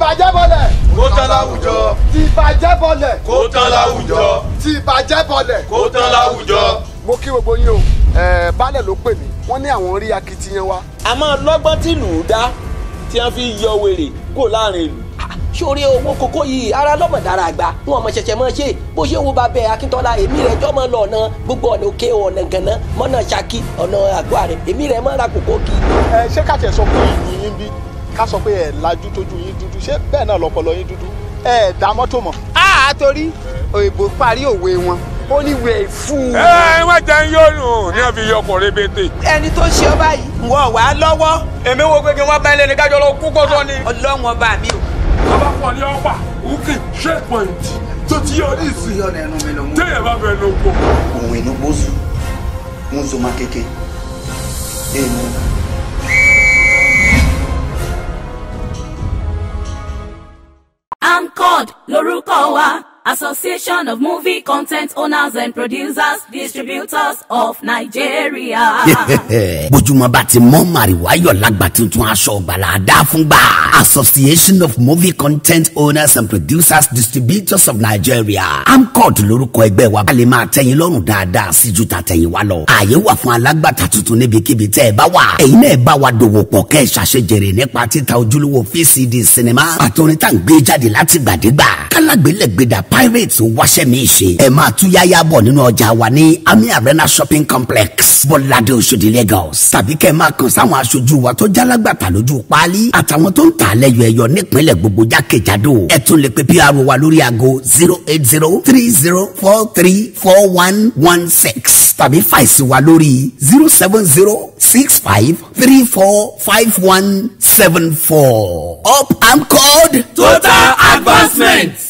ìbàjẹ́ bọ̀lẹ̀. kó tán láwùjọ. ti ìbàjẹ́ bọ̀lẹ̀. kó tán láwùjọ. ti ìbàjẹ́ bọ̀lẹ̀. kó tán láwùjọ. mo kí gbogbo yín o baálẹ̀ ló pè mí wọ́n ní àwọn rí akitiyan wa. àmọ́ lọ́gbọ́n tí lù ú dá tí wọ́n fi yọ wèrè kó láàrin ìlú ah, sórí owó kókó yìí ara lọ́mọ̀ dára àgbà wọn mọ̀ ṣẹ̀ṣẹ̀ mọ̀ ṣe bó ṣe wo bàbá Akíntọ́lá èmi rẹ̀ jọ́ mọ́ lọ gbogbo ọ̀nà òkè ọ̀nà gànà mọ́nà Ṣakí ọ̀nà àgọ́ rẹ̀ èmi rẹ̀ mọ́ kókó kì í. ẹ ṣé kàtẹ́ sọ fún ìlú yín bí ká sọ pé ẹ̀ lajú tójú yín dúdú ṣé bẹ́ẹ̀ náà lọ́pọlọ yín dúdú ẹ̀ dá mọ́tò mọ̀. a torí òyìnbó parí òwe wọn ó ní wẹ̀ fún ẹ ẹ wọn jẹ ń yọrùn ní ọfi yọkọ rébété. ẹni tó ṣe ọ báyìí. wọ wá lọ́wọ́. èmi wo pé wọn bá ẹlẹni kájọ lọ kú kọsọ ni. ọlọ́wọ́n bá mi bàbá fún ní ọ̀pá òkè ṣé pọ̀ǹtì tó ti yọ ní ìsìn. yọ ẹnu mi lọ mú. téèyàn bá fẹ́ ló òun inú amcod lorúkọ wa Association of Movie Content Owners and Producers Distributors of Nigeria. Bójúmọ́ bá ti mọ́ màrìwá yọ̀ lágbà tuntun aṣọ ọ̀gbàlà àdá fún gbà. Association of Movie Content Owners and Producers Distributors of Nigeria. AMCOT lórúkọ ẹgbẹ́ wa. A lè máa tẹ́yìn lọ́rùn dáadáa sí ju tàtẹ̀yìn wa lọ. Ààyè wà fún alágbàtà tuntun níbikíbi tẹ́ ẹ bá wà. Ẹ̀yin náà bá wa dòwò pọ̀ kẹ́ ẹ̀ ṣàṣejèrè nípa títa ojúlówó VCD sinimá. Àtọ̀rin tá à ń gbé jáde láti Kálágbélẹ̀gbẹ̀dà pirates ò wáṣẹ́ mi ṣe ẹ máa tú yáyá bọ̀ nínú ọjà wa ní ami arena shopping complex bọ́ládé oṣòdì lagos tàbí kẹ́ ẹ máa kàn sáwọn aṣojú wa tó jálágbàtà lójú paálí àtàwọn tó ń tà lẹ́yọ ẹ̀yọ nípínlẹ̀ gbogbo jákèjádò ẹ tún lè pe pr wa lórí aago zero eight zero three zero four three four one one six tàbí fàìsì wa lórí zero seven zero six five three four five one seven four up and called total advancement.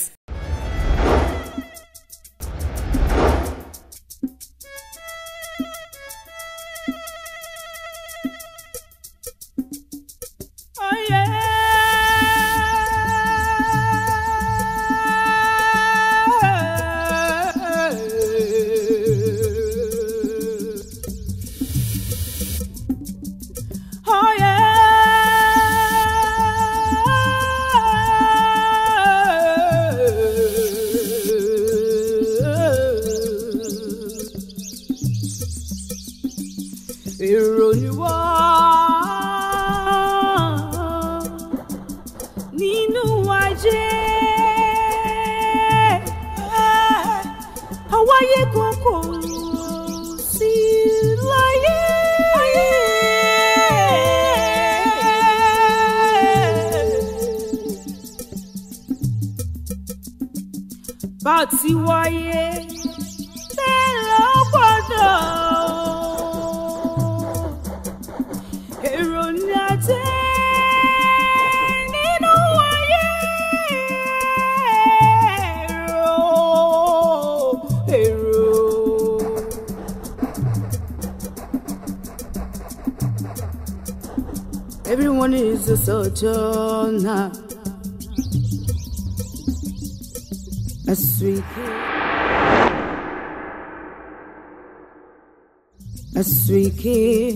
care.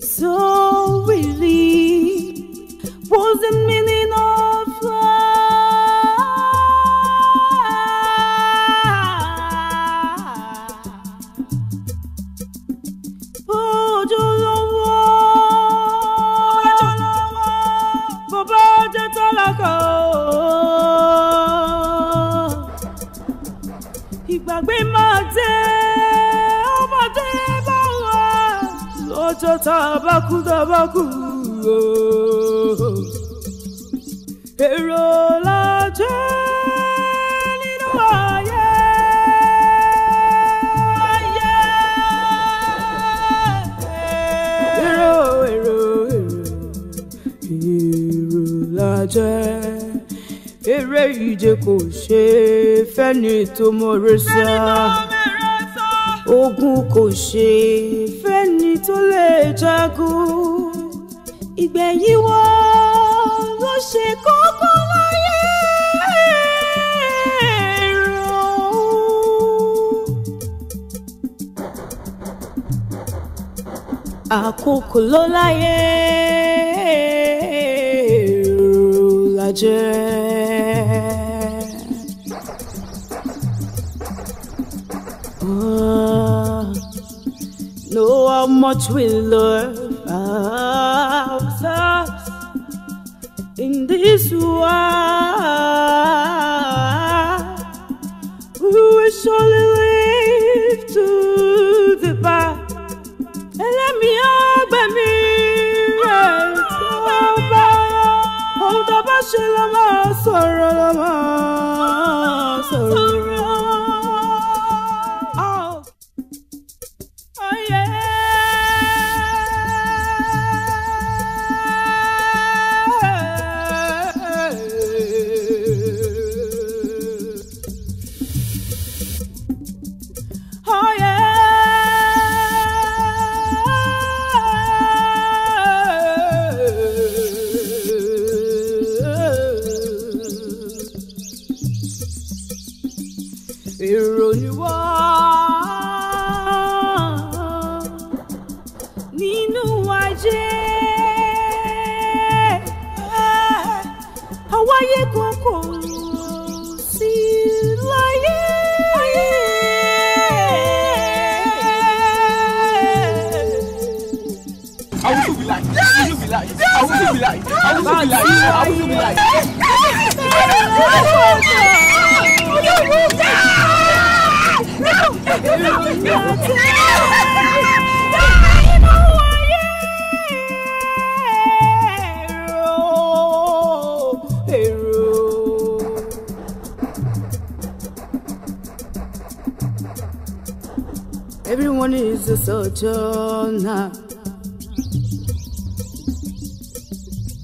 So really, was the meaning of life? Oh, Jolowo, Baba Jatalako. Ìgbàgbé máa dé, ó máa dé lọ́jọ́ tá a bá kú tá a bá kú ooo èrò lájọ́ nínú ayé. ayé èrò èrò èrò lájẹ́ eré ìje kò ṣe fẹ́ni tó mọ̀ọ́rẹ́ sá ogun kò ṣe tó lè jagun ìgbẹ̀yìn wọn ló ṣe kókó láyé ẹ̀rọ. àkókò ló láyé ẹ̀rọ la much we love ourselves in this world. We will surely live to the back. Let me up me. Hold up, I shall have a sorrow. nínú ajé. àwáyé kan kò sí láyé. awusu bi lai awusu bi lai awusu bi lai awusu bi lai awusu No! one is a sojourner.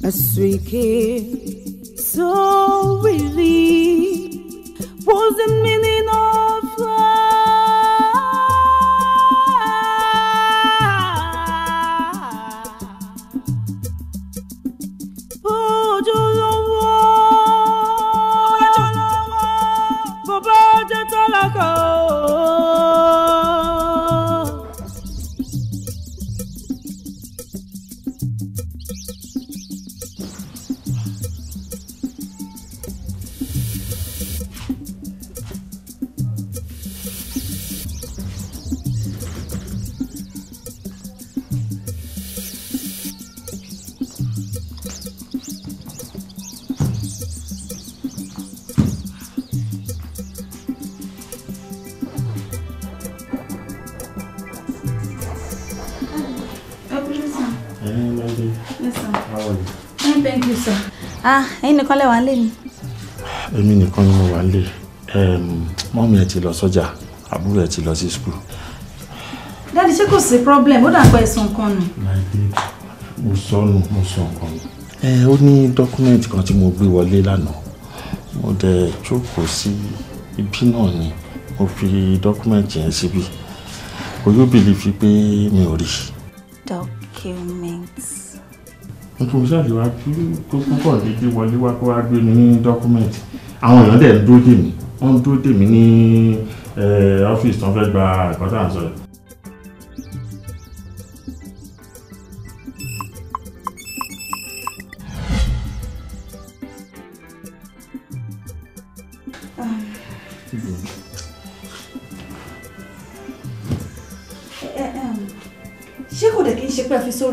A sweet kid, so we nìkan lẹ́wà lé ni. èmi nìkan ni mo wà lé mọ́mí ẹ ti lọ sọ́jà àbúrò ẹ ti lọ sí skul. dáàdi ṣé kò sí problem ó dàgbà ẹ̀sùn nǹkan nù. mo sọnù mo sọ nǹkan nù. ẹ ó ní dọ́kúmẹ́ǹtì kan tí mo gbé wọlé lánàá mo dẹ̀ jókòó sí ibi náà ni mo fi dọ́kúmẹ́ǹtì yẹn síbi kò yóò bìlì fi pé mi ò rí. documents nítorí ṣáàjì wa kí kó púpọ̀ dédé wọlé wá kó wá gbé mi ní dọ́kúmẹ̀ntì àwọn èèyàn dẹ̀ ń dúró dè mí wọ́n ń dúró dè mí ní ọ́fíìsì tó ń fẹ́ gba ìkọ́tà àǹsọ̀rọ̀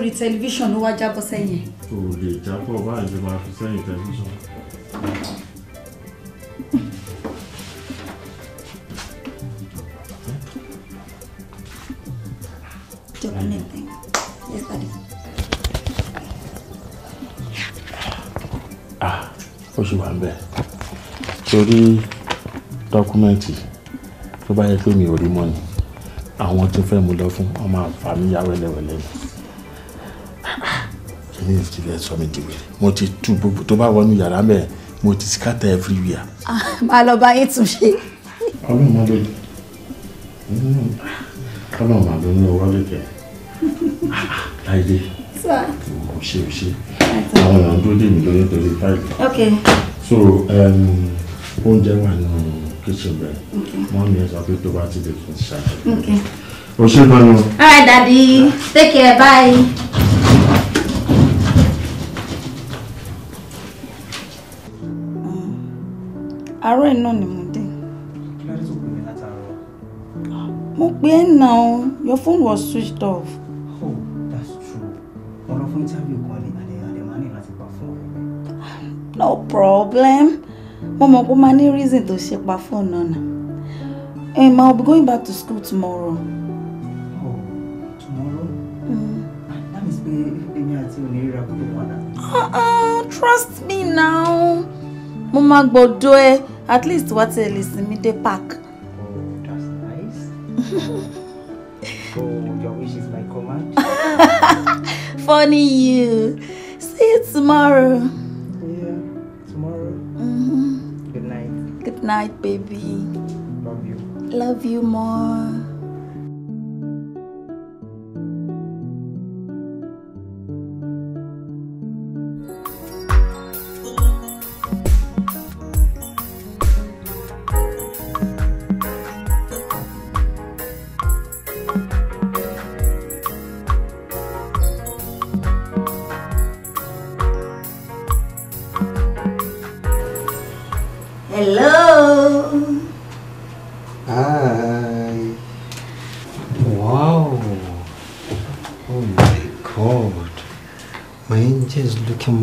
lórí tẹlifíṣàn ló wá jábọ́ sẹ́yìn. o lè jábọ̀ báyìí ló máa fi sẹ́yìn tẹlifíṣàn. Ah, ó sì wà ń bẹ̀ torí dọ́kúmẹ́ǹtì tó bá yẹ pé mi ò rí mọ́ ni àwọn tó fẹ́ mú lọ fún ọmọ àǹfààní yá ní ìdílé sọ mi dìwé mo ti tú gbogbo tó bá wọnú yàrá mẹ mo ti scatter everywhere. máa lọ bá yín tún ṣe. ọlọ́run máa lóde ọlọ́run máa lóde ní ọwọ́ lóde láìdé kò ṣe ò ṣe àwọn èèyàn dúró dè mí lórí nítorí báyìí. so oúnjẹ wà nínú kitchen bẹ́ẹ̀ wọ́n ní ẹ sọ pé tó bá ti lè fún ṣáà. o ṣe gbọ́n nù. all right daddy take care bye. àárọ̀ iná ni mo dé. kí ló dé tó pè now your phone was switched off. oh that's true mo lọ fún interview kan ní àdé àdé máa ní láti pa no problem mo mọ̀ pé ó máa ní reason to ṣe pa fóònù náà nà. Um, eh, I'll be going back to school tomorrow. Oh, tomorrow? Mm. Ah, that means èmi àti òní ríra gbogbo wọn náà. Uh-uh, trust me now. Mo máa gbọ́dọ̀ ẹ at least wá a lè sinmi dé park. oh that's nice. So your wish is my command. funny you see you tomorrow. yeah tomorrow. Mm-hmm. good night. good night baby. love you. love you more.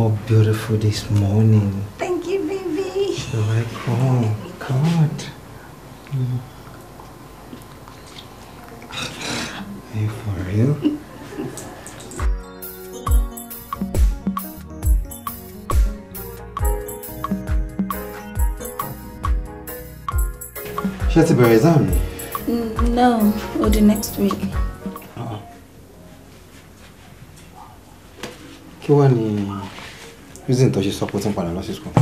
more beautiful this morning. Thank you, baby. You're welcome. Oh, God. Are you for real? She has to be exam? No, or the next week. Uh -uh. Kí reason tó ṣe sọ pé ó ti ń padà lọ sí school.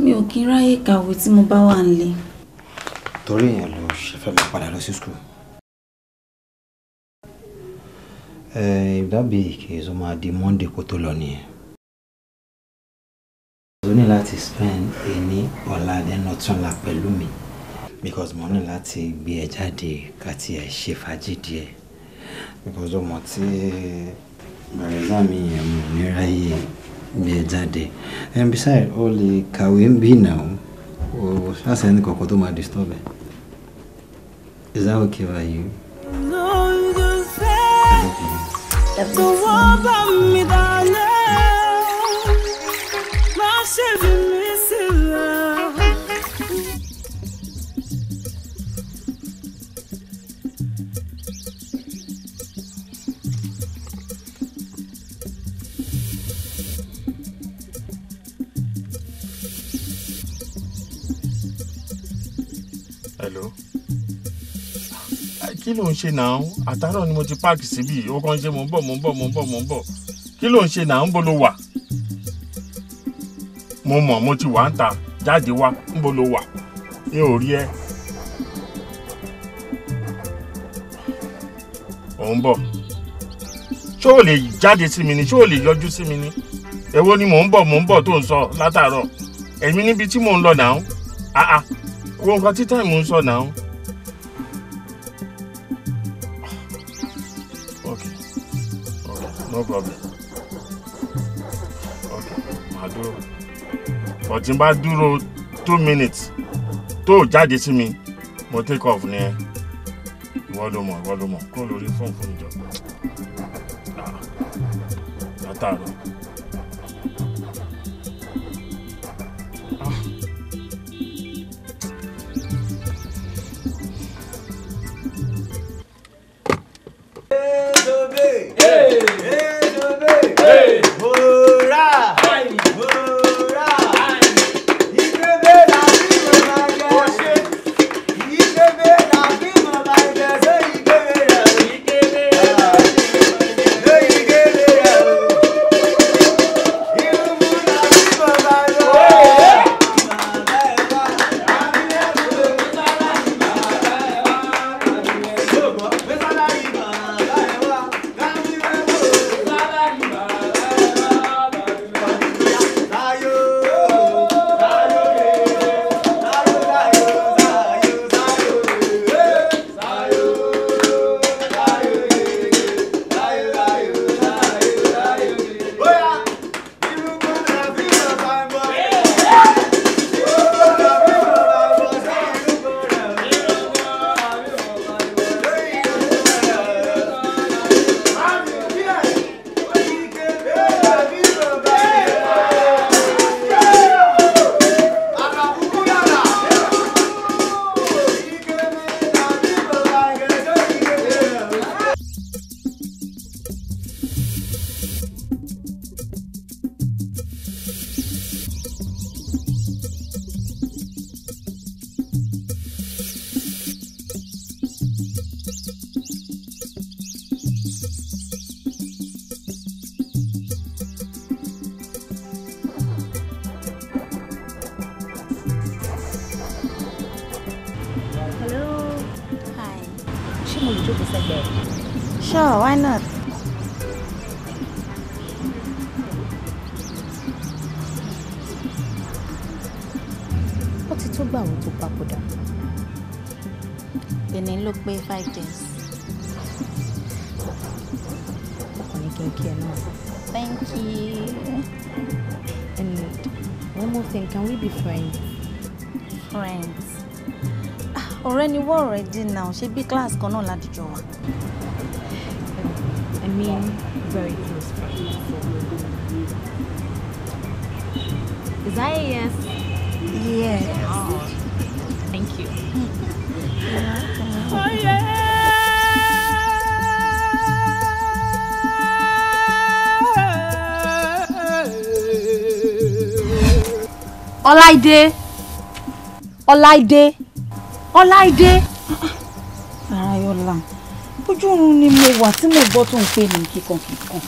mi ò kí ń ráyè kàwé tí mo bá wà nílé. torí ìyẹn ló ṣe fẹ́ máa padà lọ sí school. if that be the case ó máa di monday kó tó lọ nìyẹn. o ní láti spend ẹni ọ̀la ẹnu ọ̀túnla pẹ̀lú mi because mo ní láti gbé ẹ jáde kàti ẹ ṣe fàájì because ọmọ tí bàrẹ̀ lámì yẹn mo ní ráyè. E bí ẹ jáde and besides o lè kàwé ń bí náà o ṣáṣẹ ní disturb ẹ is that okay by you. tó wọ́n bá mi dalẹ̀ má ṣe bí mi. ló ń ṣe náà àtàrà ni mo ti páàkì síbí ó kàn ṣe mò ń bọ̀ mò ń bọ̀ mò ń bọ̀ mò kí ló ń ṣe náà ń wà mo mọ̀ mo ti wà ń ta jáde wá ń wà mi ò rí ẹ. ò ń bọ̀ ṣé o ni ṣé o lè bọ̀ mò ń bọ̀ tó ń sọ látàárọ̀ níbi tí mò ń lọ náà wo nǹkan tí táìmù ń sọ tí n bá dúró two minutes tó jáde sí mi mo take off ni ẹ ìwọ ló mọ ìwọ ló mọ kó lórí fóònù fún ìjọba ah, látàrọ. ṣé bí class kan náà ládìjọ wa. I mean very close Is that a yes? Yes. Oh, thank you. oh yeah. Ọláìdé Ọláìdé Ọláìdé ojúrun ni mo wà tí mo gbọ́ tó ń pè ní kíkankíkan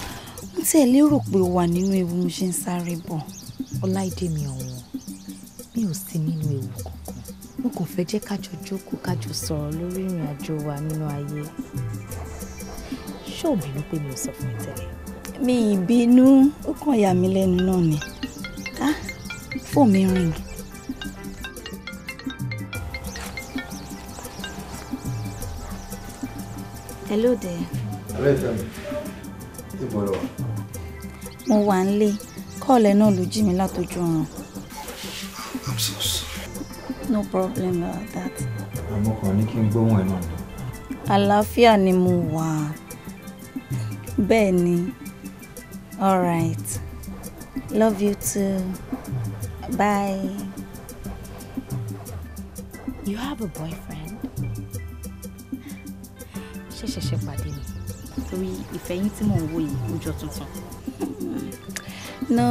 mo tiẹ̀ lérò pé o wà nínú ewu ṣe ń sáré bọ̀. ọláìdé mi ọ̀wọ́n mi ò sí nínú ewu kankan mo kàn fẹ́ jẹ́ kájọ jókòó kájọ sọ̀rọ̀ lórí ìrìn àjò wa nínú ayé ṣé bínú pé mi ò sọ fún ìtẹ́lẹ̀. mi ìbínú ó kàn yà mí lẹ́nu náà ni ah, fóònù mi rìn Hello there. Hello there. Ibo lọ. Mo wà nílé. Kọ́ọ̀lẹ̀ náà ló jí mi látọjú ọ̀run. I'm so sorry. No problem about that. Àmọ́ kan ní kí n gbóhùn ẹ̀ náà ni. Àlàáfíà ni mo wà. Bẹ́ẹ̀ ni. All right. Love you too. Bye. You have a boyfriend ṣẹ̀ṣẹ̀ṣẹ̀ pàdé mi torí ìfẹ́ tí mò ń wò yìí ó jọ tuntun. no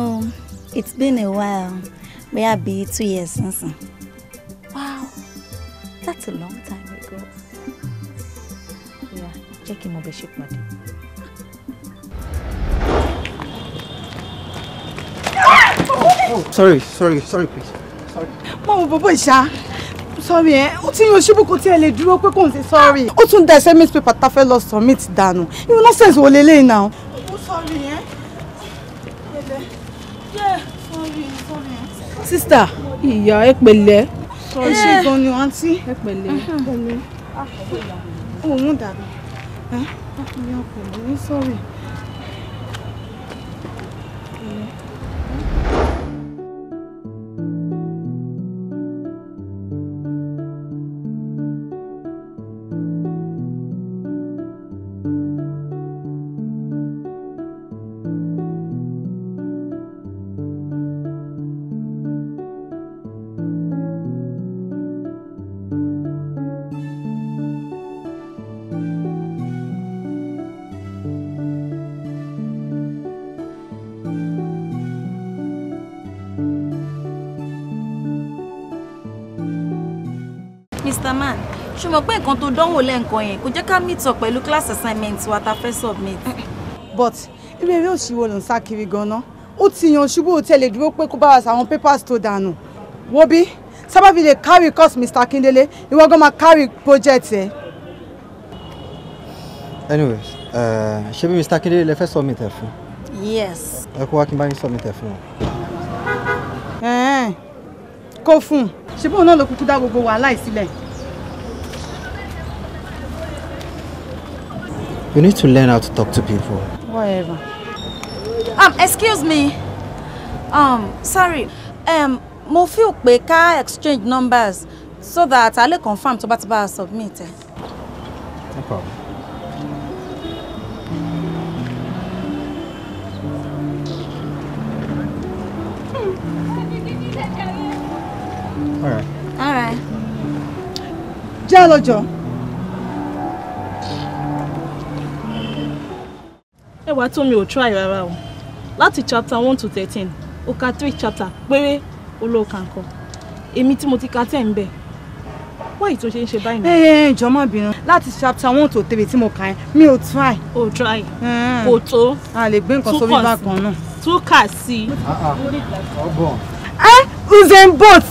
it's been a while May I be two years since? wow that's a long time ago. ìyá jẹ́ kí n mọ bẹ́ẹ̀ ṣe pàdé. sorry sorry sorry please. sorry. mọ̀ wọ bọ́bọ́ ìṣá sorry ẹ eh? ó ti yan ṣíbùkún tí ẹ lè dúró pé kò ń ṣe sorry ó tún da ẹsẹ miss paper ta fẹ́ lọ submit dànù irun nonsense wo lélẹ́yìn náà. ó sorry ẹ eh? pẹ̀lẹ́ yẹ sorry sorry. Eh? sista ìyá ẹ pẹ̀lẹ́. sorry ṣe gan ni àǹtí. ẹ pẹ̀lẹ́ òun dàbí ẹ ọkùnrin ah, ah, sorry. ṣùgbọ́n pé nǹkan tó dánwò lẹ́ǹkan yẹn kò jẹ́ ká meet pẹ̀lú class assignment wa ta fẹ́ submit. but irú eré òṣìwò ló ń sá kiri gan ó ti yan ṣubú òtẹ́ẹ̀lì dúró pé kó bá wa sàwọn papers tó dànù wo bí sábàbí lè carry course Mr. Akindele ìwọ gan máa carry project ẹ. anyways eh, ṣé bí Mr. Akindele lè fẹ́ submit ẹ̀ fún. yes. ẹ kó wá kí n bá yín submit ẹ̀ fún wọn. kó fún un ṣé bóun náà ló kúkú dá gbogbo wàhálà yìí You need to learn how to talk to people. Whatever. Um, excuse me. Um, sorry. Um, mo feel pé ká exchange numbers so that I'll lè confirm to bá ti bá submit. No problem. All right. All right. Jalojo. mẹ́wàá tó mi ò try rárá o láti chapter one to thirteen ó ka three chapter péré olóòkà nǹkan èmi tí mo ti ka ten bẹ́ẹ̀ wáyé tó ṣe ń ṣe báyìí náà. ẹ ẹ jọ má bínú láti chapter one to three tí mo kà yẹn mi ò try. o try eh. kò tó a lè gbé nǹkan sórí bákan náà. tún kà sí i. ọgbọ̀n. ẹ usain bolt.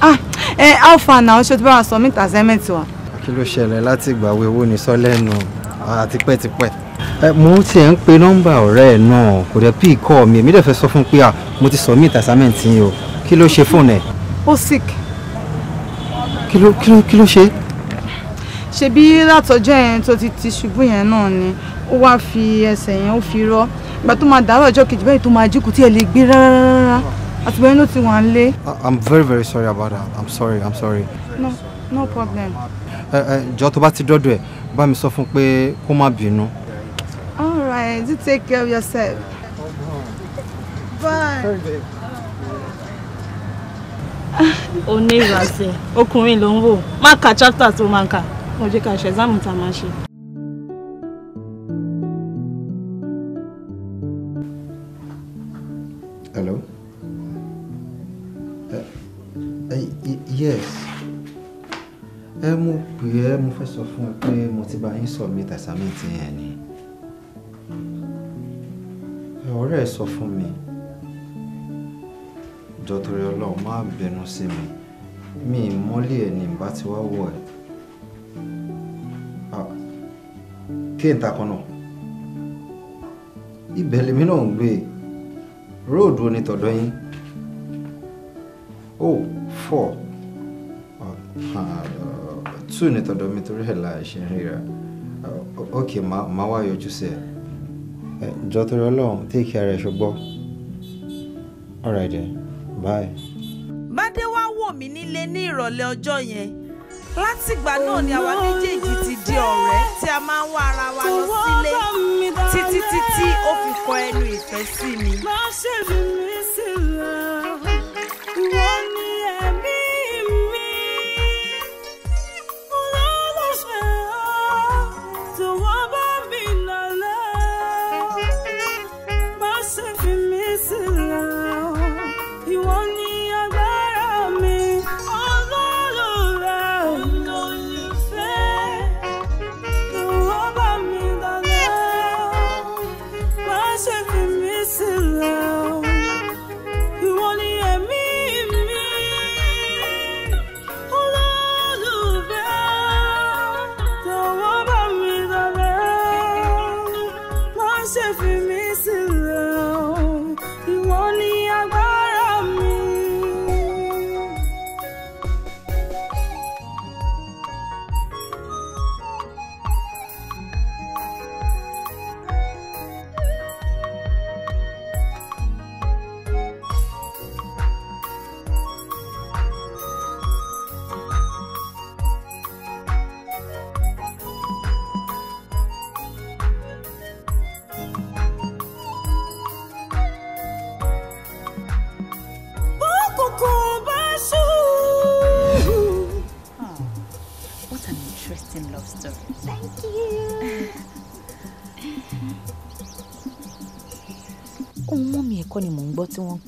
ah ẹ alpha náà ṣe tí bá wa submit assignment wa kí ló ṣẹlẹ̀ láti ìgbà wo ewo ní sọ́lẹ́nu àti pẹ́tipẹ́. ẹ mo tiẹ̀ ń pe nọ́mbà ọ̀rẹ́ ẹ̀ náà kò dẹ̀ pí ìkọ́ mi èmi dẹ̀ fẹ́ sọ fún pé à mo ti submit assignment yìí o kí ló ṣe fóònù ẹ̀. ó sick. kí ló kí ló kí ló ṣe. ṣebí látọjọ́ yẹn tó ti ti ṣubú yẹn náà ni ó wáá fi ẹsẹ̀ yẹn ó fi rọ ìgbà tó máa dàárọ̀ ọjọ́ kejì báyìí tó máa jí kò tiẹ̀ lè gbé rárá àtìgbà yẹn ló ti wà ń lé. I'm very very sorry about that I'm sorry I'm sorry. no no problem jọ tó bá ti dọ́dọ̀ ẹ̀ bá mi sọ fún pé kó má bínú. all right you take care of yourself. bye. o ní ìrànṣẹ́ ọkùnrin ló ń wò má ka chapter tó máa kà mo jẹ́ ká ṣe exam tá a máa ṣe. hello uh, uh, yes ẹ mo pè ẹ mo fẹ́ sọ fún ẹ pé mo ti bá yín submit assignment yẹn ni ọ̀rẹ́ ẹ sọ fún mi jọ̀tọ̀rẹ́ ọlọ́run má bínú sí mi mi ìmọ́lẹ̀ ẹ̀ ní bá ti wá wọ̀ ẹ́ kí n takọ̀ náà ibẹ̀ lèmi náà ń gbé róòdù onítọ̀dọ̀ yín ó oh, fọ̀ two ní tọ̀dọ̀ mi torí ẹ̀ la ṣe ń ríra ok màá wá yọjú sí ẹ jọ torí ọlọ́run take care ẹ ṣùgbọ́n alright bye. bàdé wá wò mí nílé ní ìrọ̀lẹ́ ọjọ́ yẹn látìgbà náà ni àwa méjèèjì ti di ọ̀rẹ́ tí a máa ń wá ara wa lọ sílé títí títí ó fi kọ ẹnu ìfẹ́ sí mi.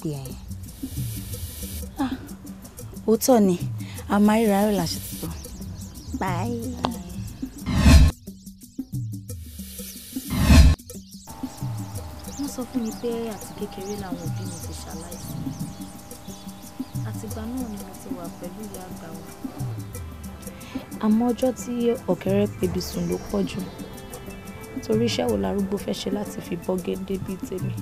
pè ẹ́ ah òótọ́ ni àmáríraró làṣẹ tuntun bye. wọ́n sọ fún mi pé àti kékeré làwọn òbí mi ti ṣaláìsí àtìgbà náà ni mo ti wà pẹ̀lú ìyá àgbà wa. àmọ́ ọjọ́ tí ọ̀kẹ́rẹ́ pebi sùn ló pọ̀ jù torí iṣẹ́ wo larúgbó fẹ́ ṣe láti fi bọ́gẹ́ débi tèmi.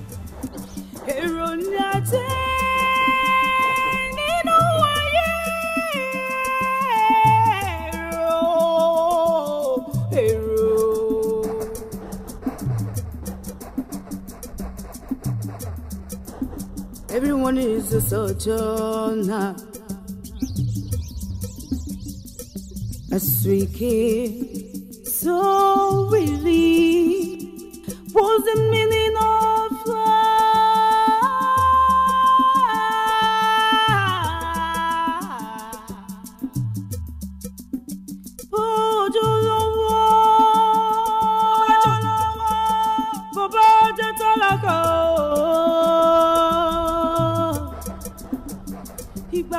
Everyone is a sojourner. As we care so really, was the meaning of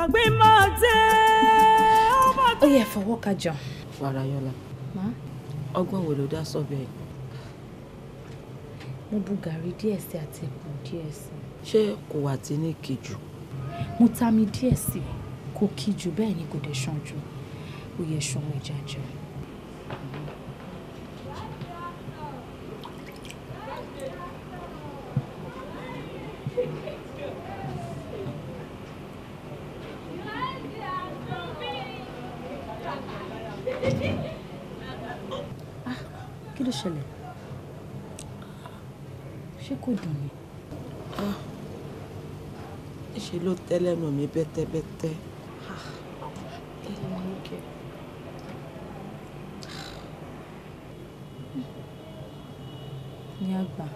gbàgbé máa dé. ó yẹ fọwọ́ ka jọ. farayọlá ọgbọ́n wo ló dá sọ́bẹ̀ yìí. mo bu gàrí díẹ̀ sí àti ẹ̀kọ́ díẹ̀ sí. ṣé kò wà tí ní kí jù. mo ta mi díẹ̀ sí kò kí jù bẹ́ẹ̀ ni kò dé ṣan jù ó yẹ ṣan ẹja jẹun. bẹ́tẹ́bẹ́tẹ́. ní àgbà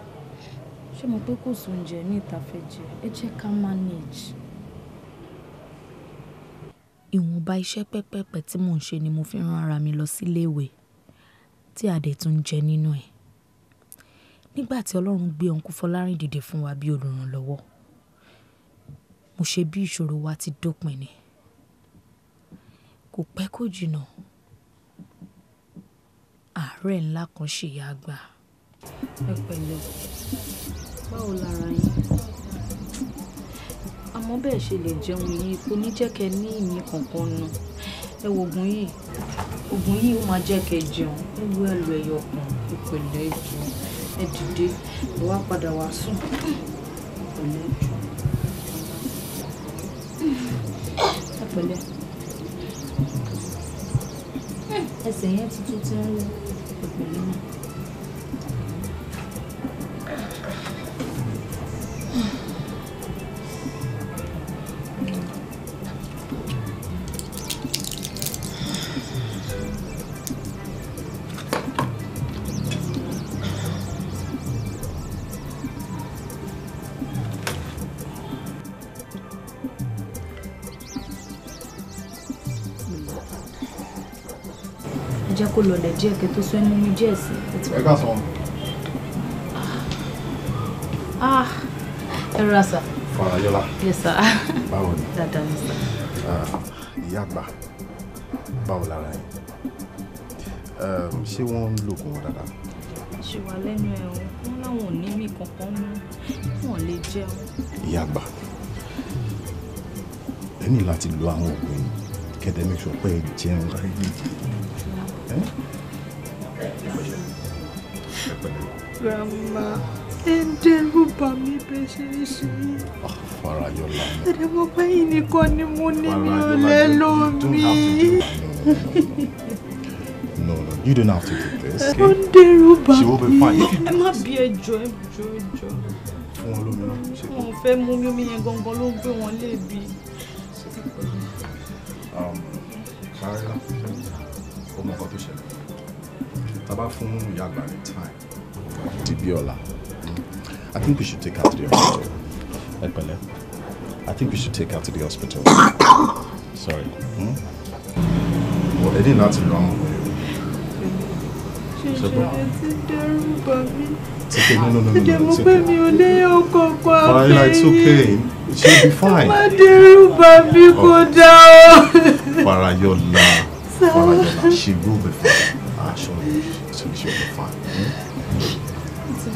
ṣé mo pé kò sóúnjẹ ní ìta fẹ́ jẹ ẹ jẹ́ ká manage. ìwọ̀nba iṣẹ́ pẹ́pẹ́pẹ́ tí mò ń ṣe ni mo fi rán ara mi lọ síléèwé tí adẹ̀ tún ń jẹ nínú ẹ̀ nígbà tí Ọlọ́run gbé ọ̀nkú dìde fún wa bí olùrànlọ́wọ́ mo ṣe bí ìṣòro wa ti dópin ni. Kò pẹ́ kó jìnnà, àárẹ̀ ńlá kan ṣe ìyá àgbà. Ẹ pẹ̀lẹ́, báwo lára yín? Àmọ́ bẹ́ẹ̀ ṣe lè jẹun yìí kò ní jẹ́ kí ní ìmí kankan nu. Ẹ wo ògùn yìí, ògùn yìí ó máa jẹ́ kí jẹun. Ẹ wo ẹlò kan, ẹ pẹ̀lẹ́ ẹ jẹun, wá padà wá sùn. Ẹ pẹ̀lẹ́ 不了，他谁要去做证呢？不了。lọlẹ̀ díẹ̀ kẹ́ tó sọ ẹnu mi díẹ̀ sí. ẹ ká sọ wọn. Ah, ah, ẹ rọra sà. farayọlá. yes sir. báwo ni. dáadáa ni sà. Ah, ìyá àgbà báwo lára yín ehm, ṣé wọ́n ń lògùn wọn dáadáa. ṣe wà lẹ́nu ẹ̀ o wọ́n láwọn ò ní mí kankan mú wọn lè jẹun. ìyá àgbà ẹ ní láti lo àwọn oògùn yìí kẹ́tẹ́ sọ pé ẹ jẹun Grandma, ẹ̀ẹ́dẹ́rù bà mí bẹ́ ṣe é ṣe. Ah, Farayọlá. Ẹ̀rẹ́ mo pé yìí nìkan ni mo ní mi No, no, you don't have to do this. Ẹ̀rọ ń dẹ́rù bà mí. Ẹ má bí ẹjọ́ ẹjọ́ ẹjọ́. Fún wọn lómi náà. Wọn ò be. mú mi omi yẹn gangan ló gbé wọn lébi. tó ṣẹlẹ̀ tá a bá fún ìyá àgbà time. Dibiola I think we should take her to the hospital ẹ pẹ̀lẹ́ I think we should take her to the hospital sorry. Hmm? ẹ ní láti lọ àwọn ọmọ ṣùgbọ́n ti dẹ́rù bà mí. It's okay, no, no, no, no, no. Mo pé it's okay, she'll be fine. Má dẹ́rù bà mí kó oh. dá before I get She will be fine. I assure you, she'll be fine.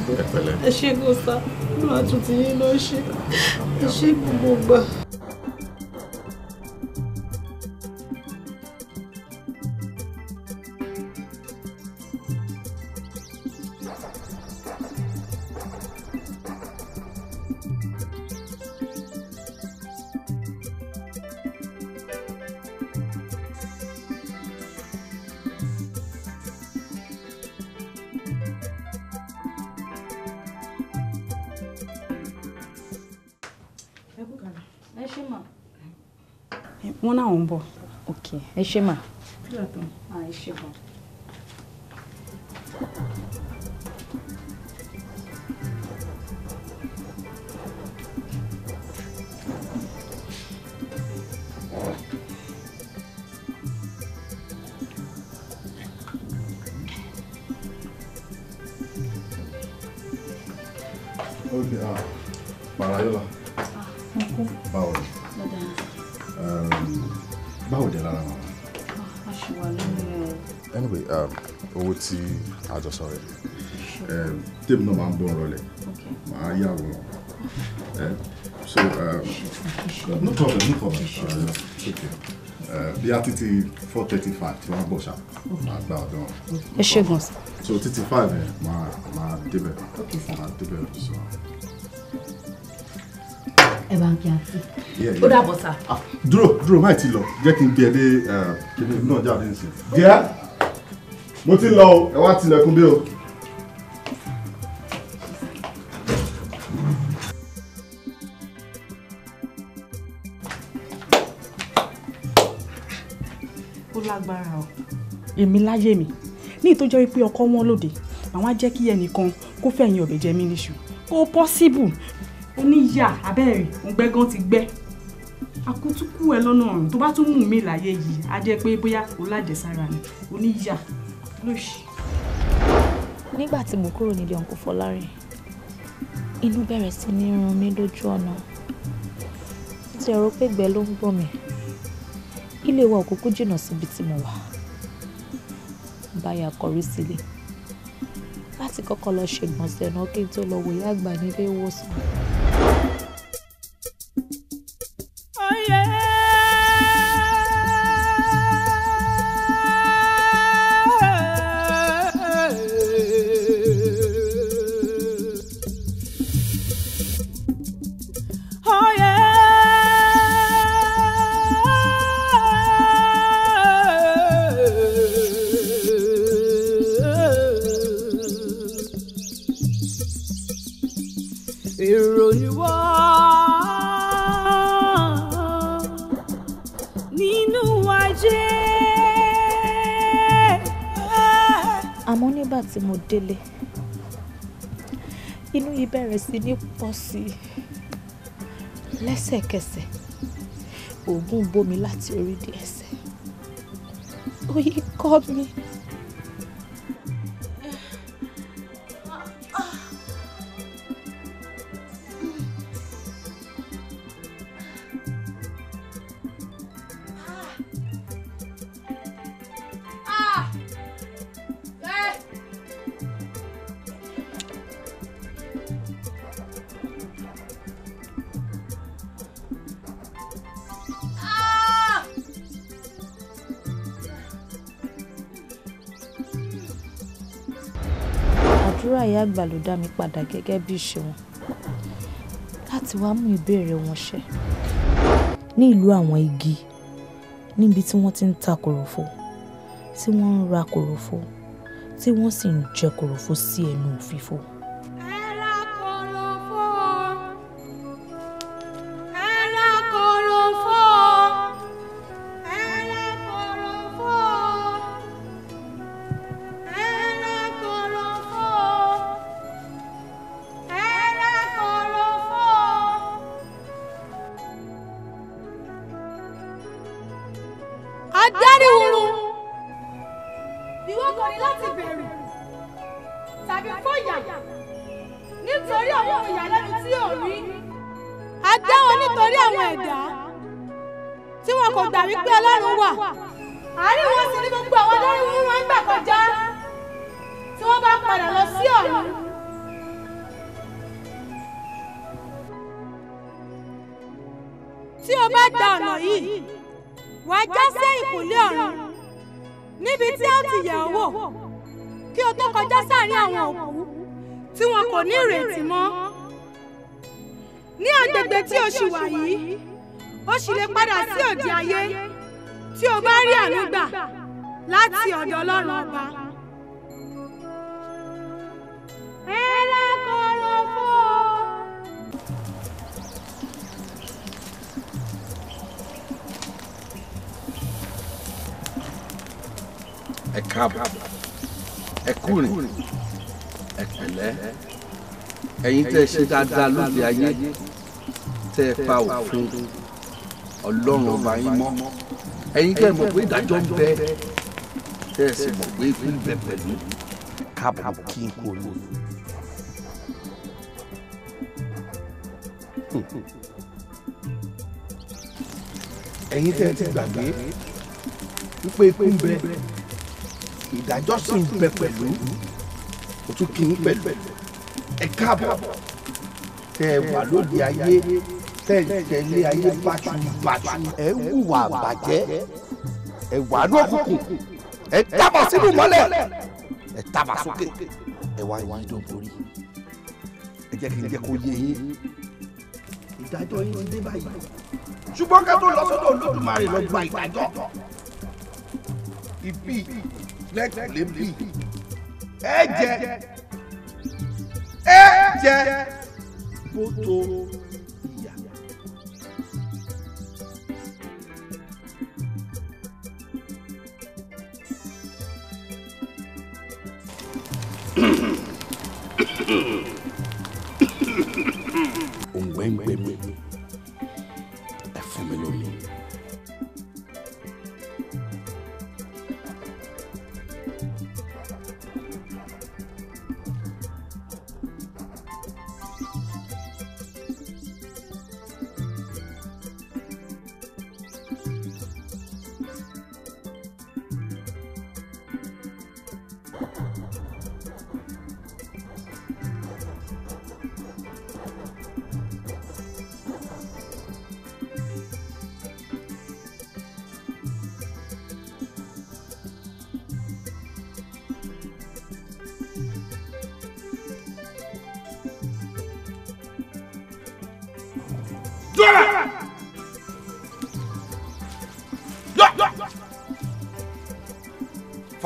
Ẹ pẹ̀lẹ́. Ẹ ṣe kò sá, ló máa tún ti yín lọ ṣe. Ẹ ṣe gbogbo gbà. bọ̀ ok ẹ ṣe mà. tí a jọ sọ rẹ̀ téèmù náà máa ń bọ̀ rọlẹ̀ máa yàwòrán so um, no problem no problem uh, okay uh, bí a títí four thirty five tí wọ́n bọ̀ ṣá máa gba ọ̀dọ́ wọn. ẹ ṣe gan. so títí five ẹ máa máa débẹ̀ máa débẹ̀ so ẹ bá ń kí àǹtí. ó dàbọ̀ sá. Ah, dúró dúró má ti lọ jẹ́ kí n gbé ẹ dé uh, kíni náà jáde nìyẹn. díẹ̀ mo ti lọ o ẹ wá tilẹ̀kùn bí o. ó lágbára o. èmi láyé mi ní ìtọ́jọ́ wípé ọkọ wọn lòdì àwọn á jẹ́ kí ẹnìkan kó fẹ̀yìn ọ̀bẹ jẹ mí níṣu kó pọ́síbù ó ní yà abẹ́rẹ́ òǹgbẹ́gán ti gbẹ́ akutuku ẹ lọ́nà ọ̀run tó bá tún mú mi láyé yìí á jẹ́ pé bóyá ó lájẹsára ni ó ní yà lóṣì. nígbà tí mo kúrò nílé ọ̀nkú fọlárin inú bẹ̀rẹ̀ sí ní rún mi lójú ọ̀nà tí ẹ̀rọ pé gbẹ ló ń gbọ̀n mi ilé wa òkúkú jìnnà síbi tí mo wà báyà kọrí sílé láti kọ́kọ́ lọ ṣègbọ̀nsẹ̀ náà kí n tó lọ wòye àgbà nílé ìwòsàn. bẹ̀rẹ̀ sí ní pọ̀ sí i lẹ́sẹ̀kẹsẹ̀ òògùn bomi láti orí di ẹsẹ̀ òyì kọ́ mi. àdúrà ìyá àgbà ló dá mi padà gẹ́gẹ́ bí ìṣe wọn láti wá mú ìbéèrè wọn ṣẹ ní ìlú àwọn igi níbi tí wọ́n ti ń ta kòròfo tí wọ́n ń ra kòròfo tí wọ́n sì ń jẹ kòròfo sí ẹnu òfìfo. ṣe dáadáa lóde ayé tẹ́ ẹ pa òfin ọlọ́run ọba yín mọ́ ẹ̀yin tẹ́ ẹ mọ̀ pé ìdájọ́ ń bẹ tẹ́ ẹ sì mọ̀ pé ikú ń bẹ pẹ̀lú káàbọ̀ kí n kò lò. ẹ̀yin tẹ́ ẹ ti gbàgbé wípé ikú ń bẹ ìdájọ́ sì ń bẹ pẹ̀lú òtún kì í pẹ̀lú ẹ káàbọ̀ tẹ́ ẹ wà lóde ayé tẹ́ ẹ tẹ̀lé ayé bàtúbàtú ẹ wùwà bàjẹ́ ẹ wà ní òkùnkùn ẹ tábà sínú mọ́lẹ̀ ẹ tábà sókè ẹ wá ìwà ìjọ nítorí ẹ jẹ́ kí n jẹ́ kó yé yín ìdájọ́ yín dé báyìí ṣùgbọ́n ká tó lọ sọ́dọ̀ Olódùmarè lọ gba ìdájọ́ ìbí lẹ́kùlé ẹ jẹ ẹ jẹ. disputou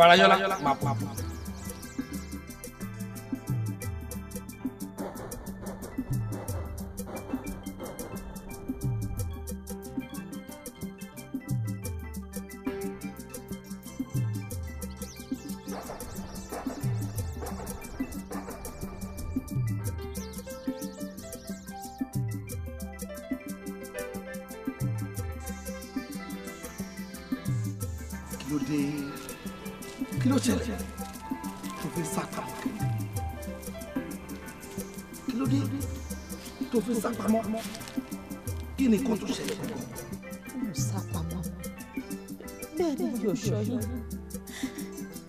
Fala, Yola. Maaf, maaf, maaf. Good day. kí ló ṣẹlẹ̀ tó fi sápamọ́ kí ló dé tó fi sápamọ́ kí ni kó tó ṣẹlẹ̀. mo sápamọ́ bẹ́ẹ̀ ni yóò ṣọ yín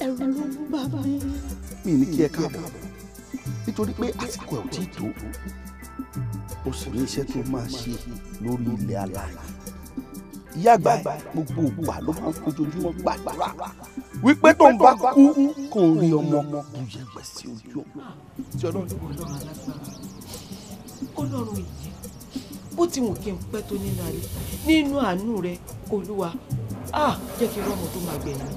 ẹ̀rù ló ń bá mi. mi ní kí ẹ káàbọ̀ nítorí pé àsìkò ẹ̀ ò tí ì tó o sì ní iṣẹ́ tó máa ṣe lórí ilẹ̀ alààyè ìyá àgbà gbogbo ògbà ló máa ń fojoojúmọ́ gbàgbà wípé tó ń bá kú kò rí ọmọ bùyẹ̀pẹ̀ sí ojú ọmọ tí ọlọ́run kò lọ́rùn alágbára ọlọ́run yìí bó ti wù kí n pẹ́ tó nínú ayé nínú àánú rẹ olúwa ah jẹ́ kí rọ́mọ tó máa gbẹ̀yìn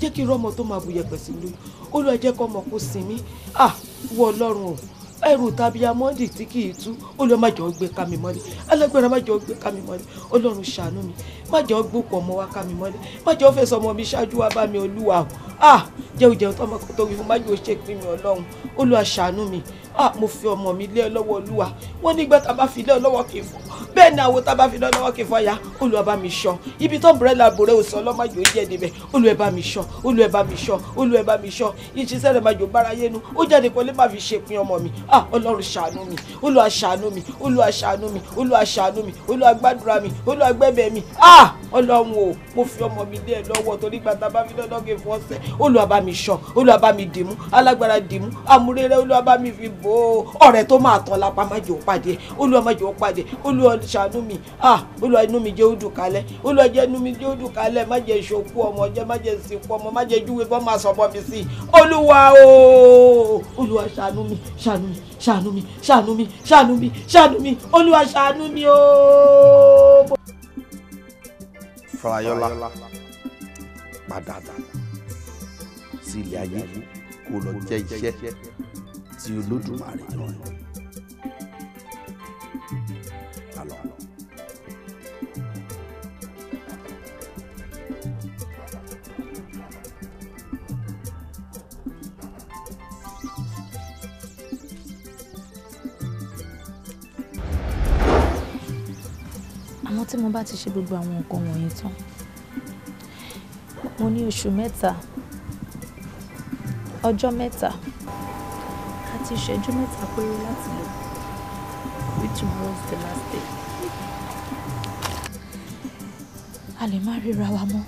jẹ́ kí rọ́mọ tó máa bùyẹ̀pẹ̀ sí lójú olúwa jẹ́ kọ́ ọmọ kó sinmi ah wọ ọlọ́run o ẹrù tàbí amọ́ndì tí kì í tú olùwà má jọ gbé ká mi mọ́lẹ̀ alágbára má jọ gbé ká mi mọ́lẹ̀ ọlọ́run ṣàánú mi má jọ gbókò ọmọ wa ká mi mọ́lẹ̀ má jọ fẹsọ̀ ọmọ mi ṣáájú wa bá mi olúwa o ah jẹ́ òjẹun tó ọmọ kan tó wí fún má jọ ṣe pín mi ọlọ́run olúwa ṣàánú mi Ah, mo fi ọmọ mi lé lọ́wọ́ olúwa wọ́n nígbà tá a bá fi lé lọ́wọ́ kì í fọ́ bẹ́ẹ̀ ni àwo tá a bá fi lé lọ́wọ́ kì í fọ́ ya olúwa bá mi ṣọ́ ibi tó bẹ̀rẹ̀ la bọ̀rẹ̀ òsàn ọlọ́mọ yóò jẹ́ níbẹ̀ olúwa bá mi ṣọ́ olúwa bá mi ṣọ́ olúwa bá mi ṣọ́ ìṣiṣẹ́ rẹ̀ máa jò bára yé nu ó jáde kó lè má fi ṣe ọmọ mi ah ọlọ́run ṣàánú mi olúwa ṣàánú mi olúwa ṣàánú mi olúwa ṣàánú mi olúwa gbàdúrà mi olúwa gbẹ̀bẹ̀ mi ah ọlọ́run o mo fi ọmọ mi lé ẹ lọ́wọ́ torí gbàtà bá fi lọ́dọ́ kì í fọ́ sẹ́ olúwa bá mi ṣọ́ olúwa bá mi dìmú alágbára dìmú àmúréré olúwa bá mi fi bò o ọ̀rẹ́ tó máa tán lápá má jẹ́ ó pàdé olúwa má jẹ́ ó pàdé olúwa ṣàánú mi ah olúwa inú mi jẹ́ ó dùn olúwa jẹ́ inú mi jẹ́ ó dùn kálẹ̀ ṣokú ọmọ jẹ́ má sìnkú ọmọ má júwe bọ́ máa sọ bọ́ mi sí i olúwa o olúwa ṣàánú mi ṣàánú mi ṣàánú mi ṣàánú mi ṣàánú mi ṣàánú mi olúwa ṣàánú mi o. Farayọlá padà sí ayé kó lọ jẹ iṣẹ́ ti olódùmarè náà lọ. àmọ́ tí mo bá ti ṣe gbogbo àwọn nǹkan wọ̀nyí tán mo ní oṣù mẹ́ta ọjọ́ mẹ́ta àti ìṣẹ́jú mẹ́ta péré láti lò with tomorrow's the last day. a lè má ríra wa mọ́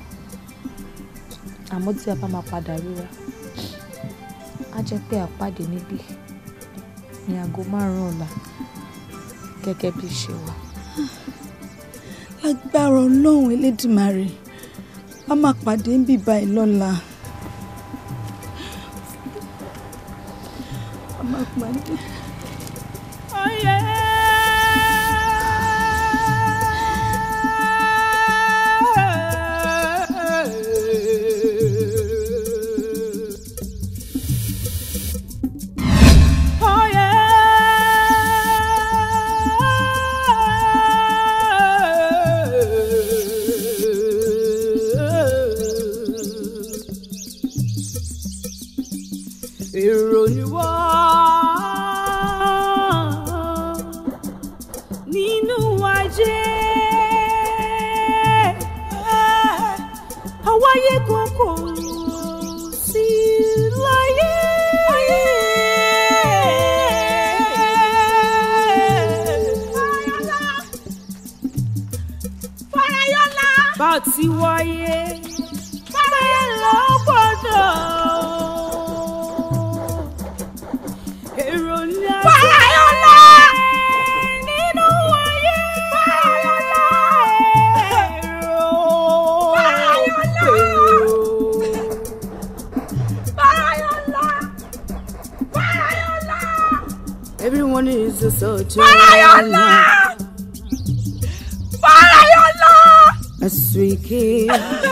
àmọ́ tí a bá máa padà ríra á jẹ́ pé àpàdé níbí ní aago márùn-ún ọ̀la gẹ́gẹ́ bí ìṣe wa. lágbára ọlọ́run elédìmarè a máa pàdé ń bíbá ẹ lọ́la. ti wáyé báyé ló gbọ́dọ̀ èrò ńlá. Fáráyọ̀ lọ. nínú wáyé. èrò. Everyone is a soldier. again.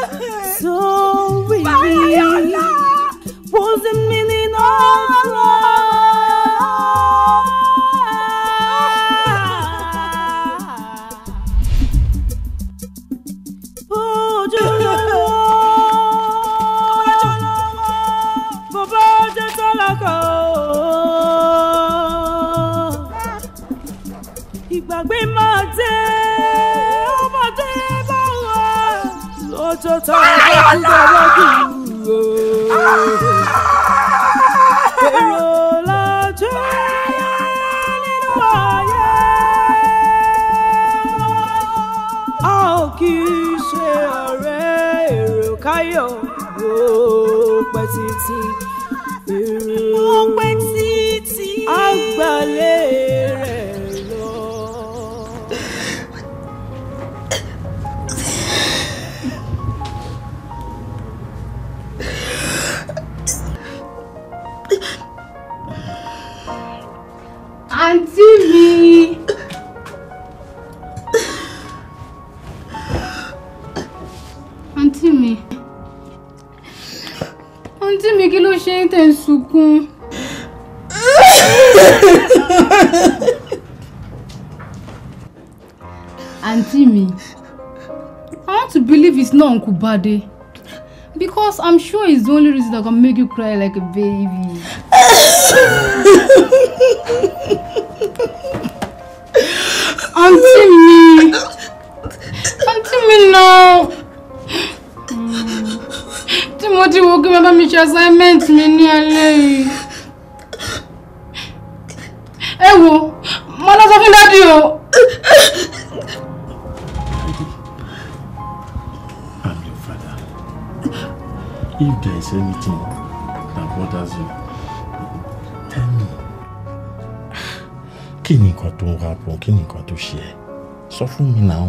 Auntie me, I want to believe it's not Uncle Bade. Because I'm sure it's the only reason I can make you cry like a baby. Auntie me. Auntie me now. Timothy wo kí bàbá mi ṣe assignment mi ní alẹ́ yìí ẹ wo mo lọ sọ fún dádì o. I'm your father. If there is anything that bothers you, tell me. Kí ni nǹkan tó ń rapọ̀? Kí ni nǹkan tó ṣe ẹ́? Sọ fún mi náà.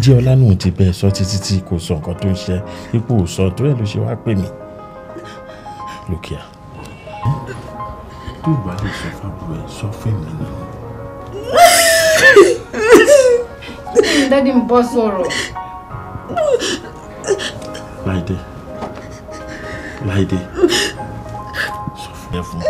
Jẹ́ ọlá ti bẹ́ẹ̀ sọ títí tí kò sọ nǹkan tó ń ṣe ipò sọ tó ẹ̀ ló ṣe wá pè mí. Look here tó bá lè sọ fábùrò ẹ̀ sọ fèmí ni. dádì ń bọ́ sọ̀rọ̀. láìdé láìdé sọ fún ẹ fún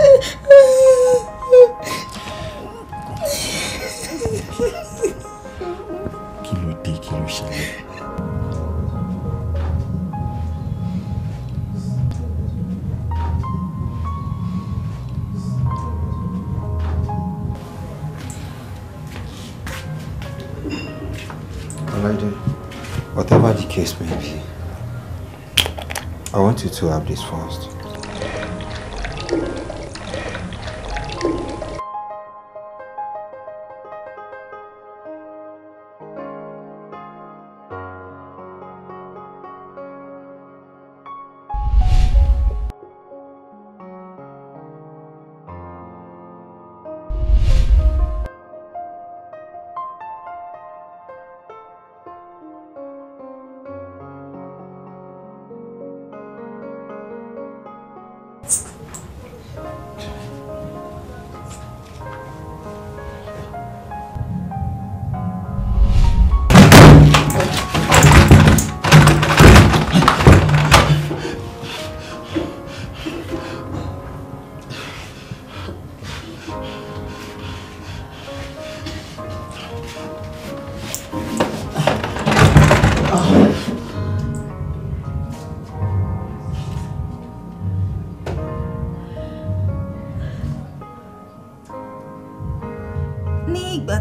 this, baby. I want you to have this first.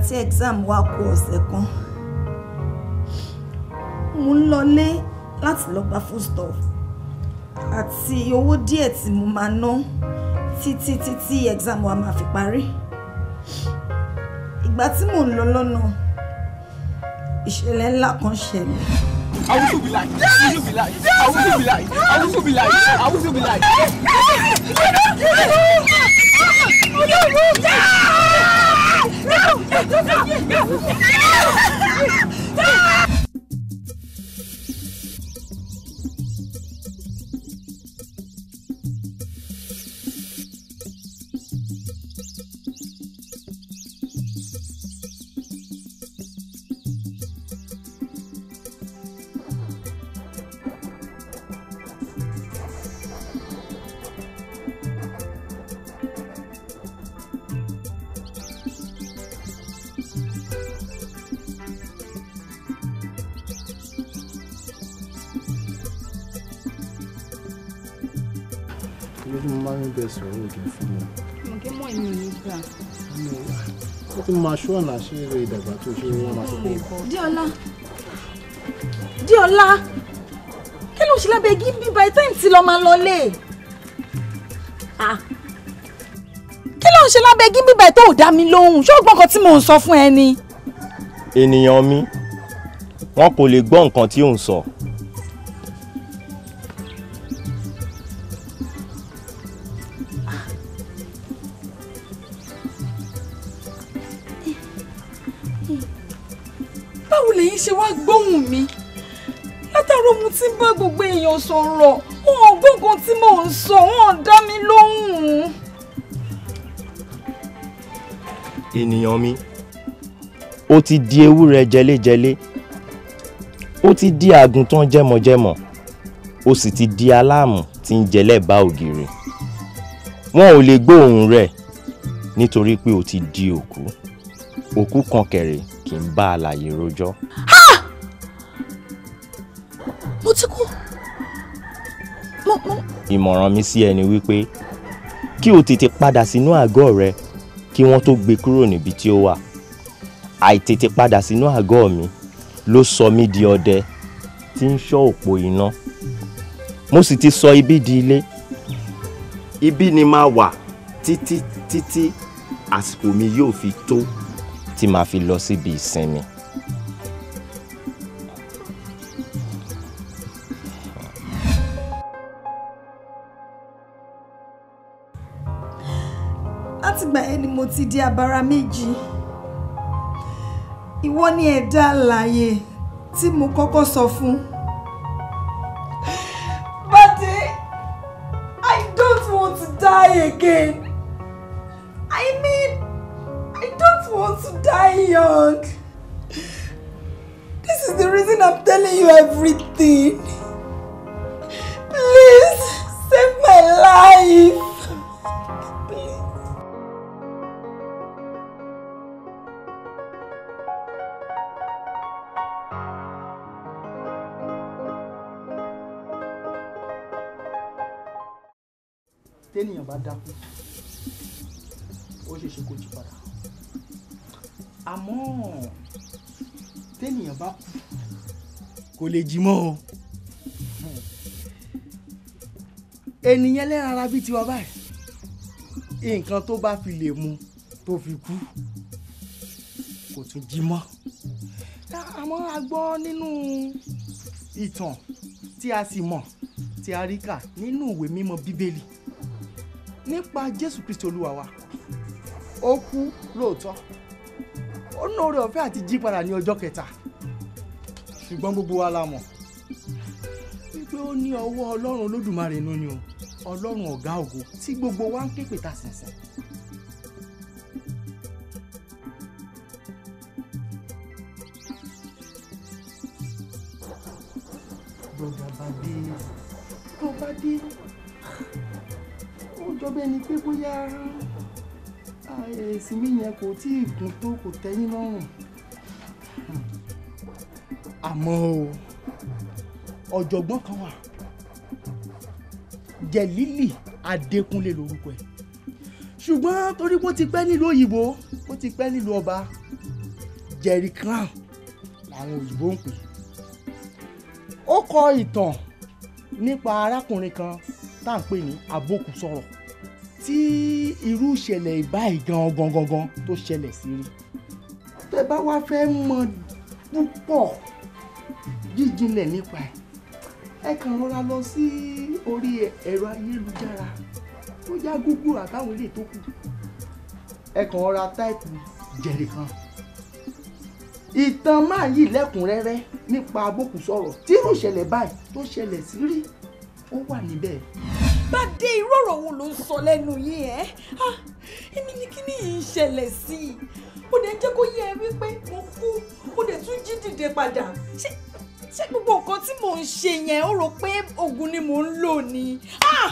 tí exam wa kù ọ̀sẹ̀ kan mo ń lọlé láti lọ gba foodstuff àti owó díẹ̀ tí mo máa ná títí títí exam wa máa fi parí ìgbà tí mò ń lọ lọ́nà ìṣẹ̀lẹ̀ ńlá kan ṣẹlẹ̀. awusu bi lai awusu bi lai awusu bi lai awusu bi lai awusu bi lai. No! No! No! No! aṣọ ọ̀nà àṣírí ìdàgbà tó ṣe wọ́n máa sọ pé. díọ̀lá díọ̀lá kí ló ń ṣe lábẹ́ igi bí by time tí lọ máa lọlé ah. kí ló ń ṣe lábẹ́ igi bí by tó dá mi lóhùn ṣé o gbọ́ nǹkan tí mò ń sọ fún ẹ ni. ènìyàn mi wọn kò lè gbọ́ nǹkan tí ò ń sọ. So. èèyàn mi ó ti di ewúrẹ́ jẹléjẹlé ó ti di àgùntàn jẹmọ̀jẹmọ̀ ó sì ti di aláàmù tí ń jẹlẹ̀ bá ògiri wọn ò lè gbóòórùn rẹ̀ nítorí pé ó ti di òkú òkú kan kẹrẹ kì í bá alààyè rojọ́. mo ti kú mo mo. ìmọ̀ràn mi sí ẹni wípé kí o tètè padà sínú àgọ́ rẹ kí wọ́n tó gbé kúrò níbi tí ó wà àìtètè padà sínú àgọ́ mi ló sọ mí di ọdẹ tí ń ṣọ́ òpó iná mo sì ti sọ ibi di ilé ibi ni máa wà títí títí àsìkò mi yóò fi tó tí màá fi lọ síbi ìsinmi. ti di abara méjì ìwọ ni ẹ̀dá alààyè tí mo kọ́kọ́ sọ fún Bade I don't want to die again I mean I don't want to die young this is the reason I'm telling you everything please save my life. téèyàn bá dákú ó ṣe ṣe kó jí padà àmọ́ téèyàn bá kú kò lè jí mọ́ o ènìyàn lẹ́ran ara bíi tiwa báyìí nǹkan tó bá fi lè mu tó fi kú kò tún jí mọ́ àmọ́ a gbọ́ nínú ìtàn tí a sì mọ̀ tí a rí kà nínú ìwé mímọ́ bíbélì nípa jésù kristi olúwa wa ó kú lóòótọ́ ó ná oore ọ̀fẹ́ àti jí padà ní ọjọ́ kẹta ṣùgbọ́n gbogbo wa la mọ̀ wípé ó ní ọwọ́ ọlọ́run olódùmarè inú ni o ọlọ́run ọ̀gá ògo tí gbogbo wa ń képe ta sẹ̀sẹ̀. bọ́dà bá dé tó bẹ́ẹ̀ ni pé bóyá ìsinmi yẹn kò tí ì gùn tó kò tẹ́yìn lọ́rùn àmọ́ o ọ̀jọ̀gbọ́n kan wà jẹ̀lílì adékúnlé lórúkọ ẹ̀ ṣùgbọ́n torí bó ti pẹ́ nílùú òyìnbó bó ti pẹ́ nílùú ọba jerry crown làwọn òyìnbó ń pè ó kọ ìtàn nípa arákùnrin kan tá à ń pè ní abókù tí irú ìṣẹ̀lẹ̀ ìbáyìí gan gangan tó ṣẹlẹ̀ sí rí tẹ bá wá fẹ́ mọ púpọ̀ jíjinlẹ̀ nípa ẹ̀ ẹ kàn rọra lọ sí orí ẹ̀rọ ayélujára tó já Google àtàwọn ilé tó kù ẹ kàn rọra táìpù Jerican ìtàn máa yí lẹ́kùnrẹ́rẹ́ nípa abókùsọ̀rọ̀ tírú ìṣẹ̀lẹ̀ báyìí tó ṣẹlẹ̀ sí rí ó wà níbẹ̀ bá dé irú ọ̀rọ̀ wo ló ń sọ lẹ́nu yìí ẹ́ ah, èmi ni kí ni yìí ń ṣẹlẹ̀ sí i ó dẹ̀ jẹ́ kó yé ẹ wípé mo kú ó dẹ̀ tún jí dìde padà ṣé ṣé gbogbo nǹkan tí mò ń ṣe yẹn ó rò pé oògùn ni mò ń lò ni. Ah!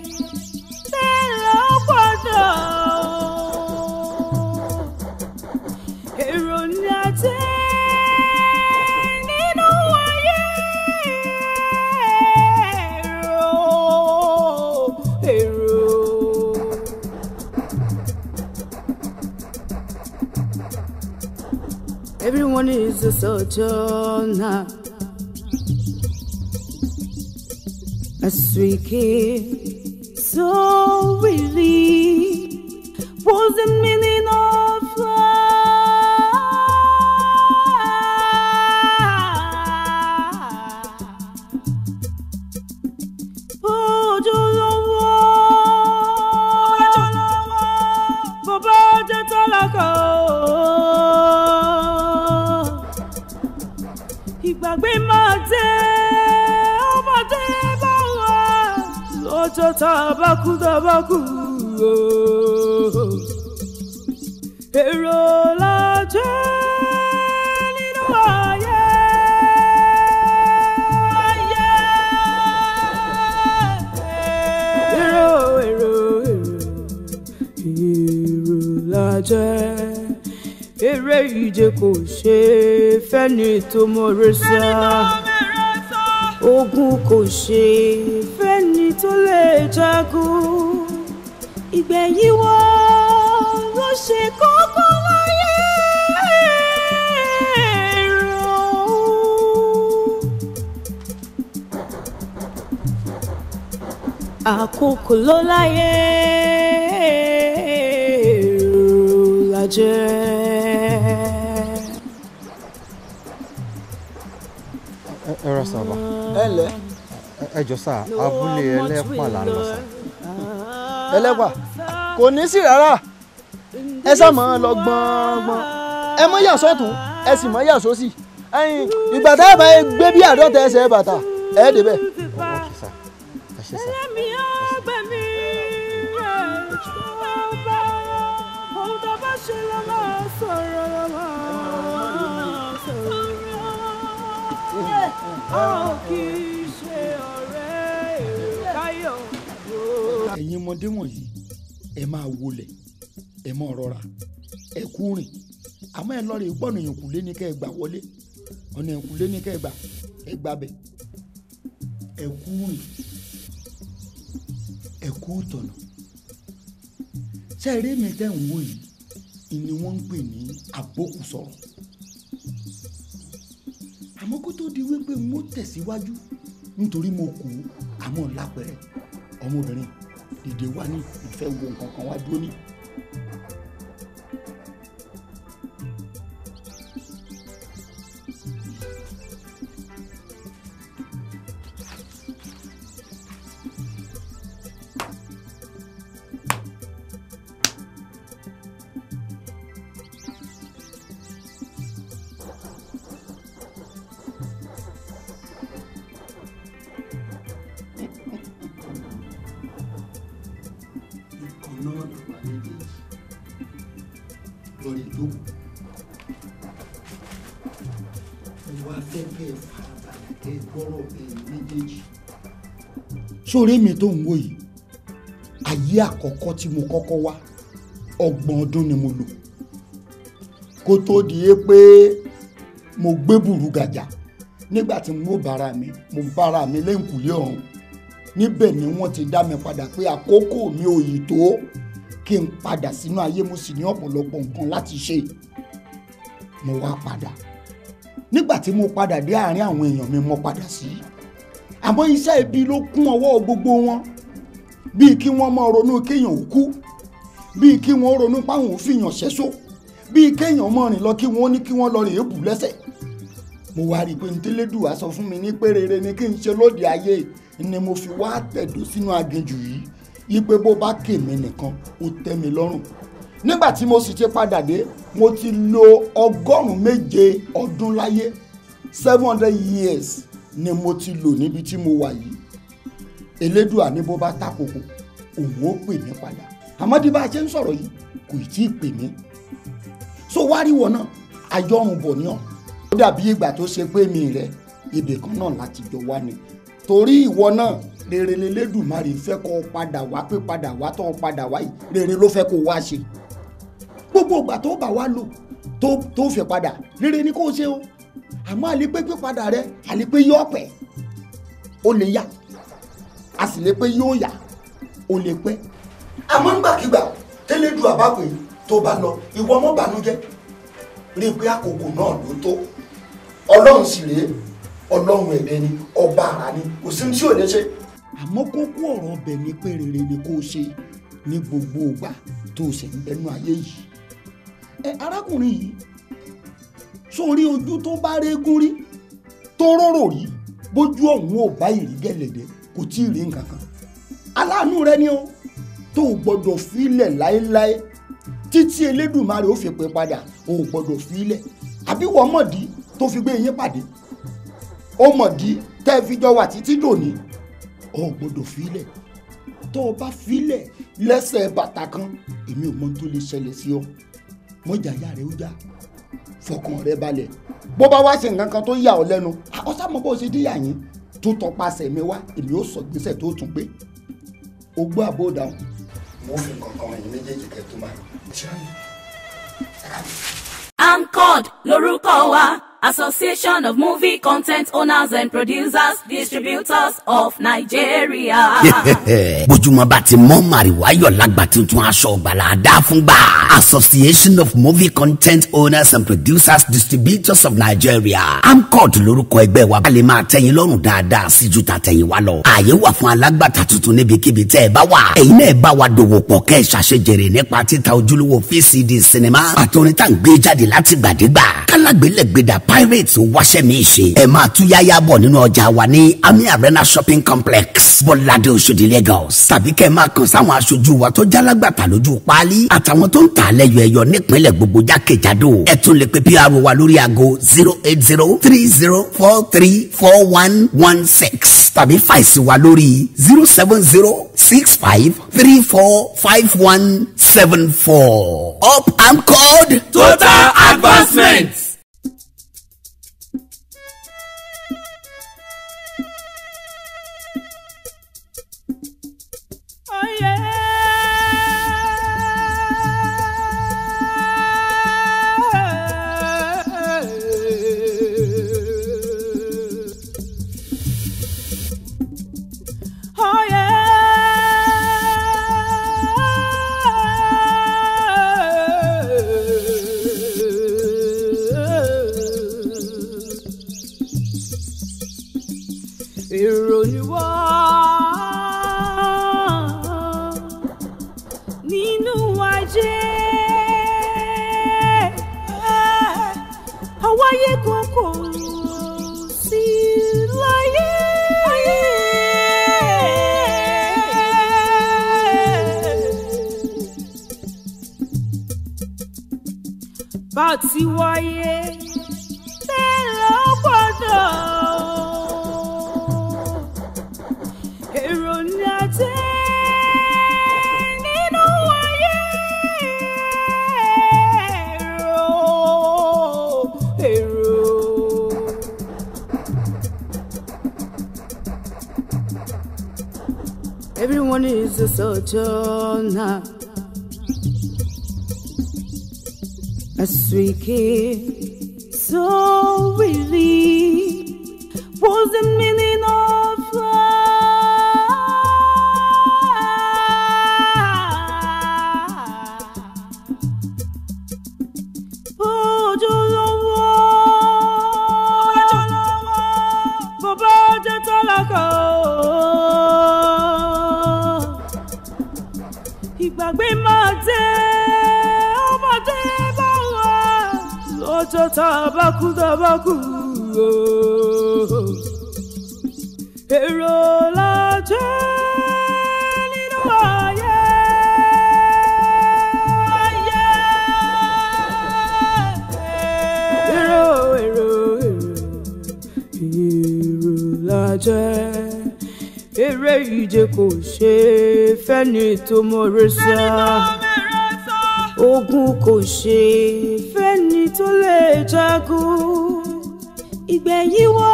sweet kiss. so tó mọ̀rẹ́ sá ogun kò ṣe fẹ́ni tó lè jagun ìgbẹ̀yìn wọn ló ṣe kókó láyé rò. àkókò ló láyé rò lájẹ́. ẹ rà sábà. ẹ lẹ. sá abúlé ẹlẹ́pà là ń lọ sá. ẹlẹ́pà kò ní sí rárá ẹ sá mọ́ lọ gbọ́ngbọ́n ẹ mọ́ yà sọ́tún ẹ sì mọ́ yà sósì ìgbà tá a bá gbé bí àádọ́ta ẹsẹ̀ bàtà ẹ débẹ̀. ó kì í ṣe ọ̀rẹ́ káyọ̀. ẹ̀yin ọmọdé wọ̀nyí ẹ máa wọlé ẹ máa rọra ẹ kú rìn àmọ́ ẹ lọ́ọ́ rè gbọ́nà ìyànkùlé ní kẹ́ ẹ gbà wọlé ọ̀nà ìyànkùlé ní kẹ́ ẹ gbà ẹ gbà bẹ̀ ẹ kú rìn ẹ kú tọ̀nà ṣe eré mi tẹ̀ ń wò yìí ni wọ́n ń pè ní àbókù àmọ́ kó tó di wípé mo tẹ̀síwájú nítorí mo kù àmọ́ lápẹ̀rẹ̀ ọmọbìnrin dìde wá ní ìfẹ́ wo nǹkan kan wá dúró ní sórí mi tó ń wò yìí ayé àkọ́kọ́ tí mo kọ́kọ́ wá ọgbọ̀n ọdún ni mo lò kó tó di yé pé mo gbé burúgàjà nígbà tí mo bára mi mo bára mi lẹ́ǹkùlé ọ̀hún níbẹ̀ ni wọ́n ti dá mi padà pé àkókò mi ò yìí tó kí n padà sínú ayé mo sì ní ọ̀pọ̀lọpọ̀ nǹkan láti ṣe mo wá padà nígbà tí mo padà dé àárín àwọn èèyàn mi mo padà sí. Si àmọ́ iṣẹ́ ibi ló kún ọwọ́ gbogbo wọn bíi kí wọ́n máa ronú kéèyàn ò kú bíi kí wọ́n ronú páwọn ò ṣẹ́só bíi kéèyàn máa rìn lọ kí wọ́n ní kí wọ́n lọ rìn èébù lẹ́sẹ̀ mo wá rí i pé ntẹ́lẹ́dùwà sọ fún mi ní pé rere ni kí n ṣe lóde ayé ni mo fi wá tẹ̀dó sínú aginjù yìí yípe bó bá kè mí nìkan ó tẹ́ mi lọ́rùn nígbà tí mo sì ti padà dé mo ti lò ọgọ́rùn-ún méje ọdún láyé seven hundred years ni mo ti lò níbi tí mo wà yìí elédùà ní bó bá takòkò òun ó pè mí padà àmọ́ bí bá a ṣe ń sọ̀rọ̀ yìí kò tí ì pè mí so wáríwọ̀ náà ajọ́run bọ̀ ní ọ̀ ó dàbí ìgbà tó ṣe pé mi rẹ ibì kan náà láti jọ wá ni torí ìwọ náà rere lélẹ́dùmarè fẹ́ kọ́ ọ padà wá pé padà wá tọ́ ọ padà wá yìí rere ló fẹ́ kó wá ṣe gbogbo ìgbà tó bá wá lò tó fẹ́ padà rere ni kó ṣe o àmọ́ àlepé pípadà rẹ àlepé yóò pẹ́ ó lè yá a sì lè pé yóò yá ó lè pẹ́. àmọ́ ńgbàkigbà tẹ́lẹ̀ du àbápẹ́ tó bá lọ ìwọ ọmọ bànújẹ́ rí i pé àkókò náà ló tó ọlọ́run sì rèé ọlọ́run ẹ̀dẹ ni ọba ara ni kò sí tí ò lè ṣe. àmọ́ kókó ọ̀rọ̀ ọbẹ̀ ni pé rere ni kó o ṣe ní gbogbo ìgbà tó o sì ń bẹnu ayé yìí. ẹ arákùnrin yìí sórí ojú tó bá régún rí tó rọrò rí bójú ọ̀hún ò bá ìrí gẹ̀lẹ̀dẹ̀ kò tí ì rí nǹkan kan aláàánú rẹ ni o tó o gbọdọ̀ filẹ̀ láéláé títí elédùnmarè ó fi pè padà o ò gbọdọ̀ filẹ̀ àbí wọ́n mọ̀dí tó fi gbé yín pàdé ó mọ̀dí tẹ́ ẹ fi jọ wà títí dòní o ò gbọdọ̀ filẹ̀ tó o bá filẹ̀ lẹ́sẹ̀ bàtà kan èmi ò mọ tó lè ṣẹlẹ̀ sí ọ mọ́jà yára ó já. Ja fọkàn rẹ balẹ̀ bó bá wá sí nǹkan kan tó yà ọ́ lẹ́nu àkọsàmọ́ bó ṣe díyà yín tó tọpasẹ̀ mi wá èmi ó sọ gbèsè tó tún pé o gbọ́ àbó dáhùn. mo fi kankan ẹ̀yin méjèèjì kẹ́ tó máa ṣe àmì. AMCOD lórúkọ wa Association of Movie Content Owners and Producers Distributors of Nigeria. Bójúmọ́ bá ti mọ́ màrìwá yọ̀ lágbà tuntun aṣọ ọ̀gbàlà dá fún gbà. Association of Movie Content Owners and Producers Distributors of Nigeria. AMCOT lórúkọ ẹgbẹ́ wa. A lè máa tẹ́yìn lọ́rùn dáadáa sí ju tàtẹ̀yìn wa lọ. Ààyè wà fún alágbàtà tuntun níbikíbi tẹ́ ẹ bá wà. Ẹ̀yin náà bá wa dòwò pọ̀ kẹ́ ẹ̀ ṣàṣejèrè nípa títa ojúlówó VCD sinimá. Àtọ́rin tá à ń gbé jáde láti gbàdégbà. Kálágbélẹ̀gbẹ̀dà p pirates ò wáṣẹ́ mi ṣe ẹ máa tú yáyá bọ̀ nínú ọjà wa ní ami arena shopping complex bọ́ládé oṣòdì lagos tàbí kẹ́ ẹ máa kàn sáwọn aṣojú wa tó jálágbàtà lójú páálí àtàwọn tó ń tà lẹ́yọ ẹ̀yọ nípínlẹ̀ gbogbo jákèjádò ẹ tún lè pe pr wa lórí aago zero eight zero three zero four three four one one six tàbí fàìsì wa lórí zero seven zero six five three four five one seven four up and called total advancement. jẹ́ àwáyé kankan sí láyé. bá a ti wáyé. is sojourner. As we care so really. tó mọ̀rẹ́ sá ogun kò ṣe fẹ́ni tó lè jagun ìgbẹ̀yìn wo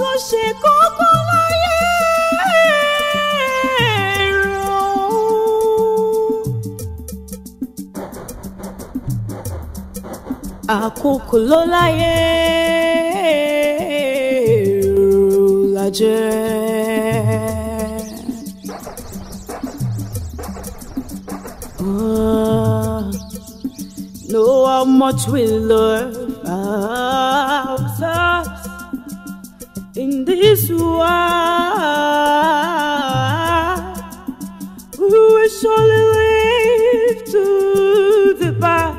ló ṣe kókó láyé rò ó. àkókò ló láyé much we learn ourselves in this world. We will surely live to the back.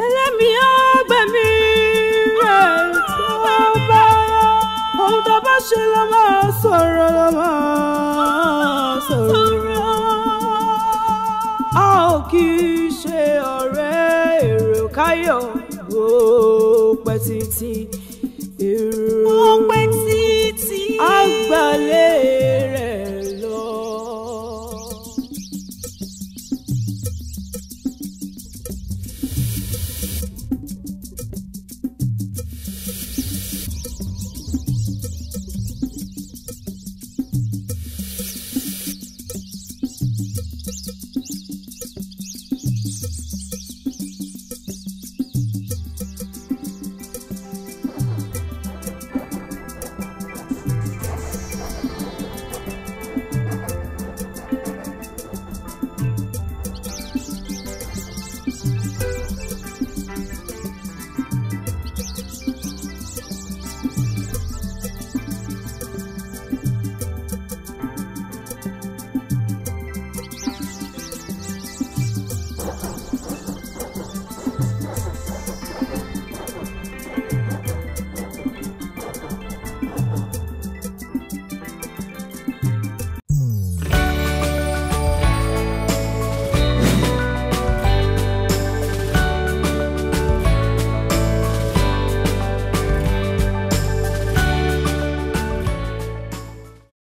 And let me hug by me. Hold up, I shall have sorrow, sorrow. káyọ̀ ó pẹ́ títí èrò.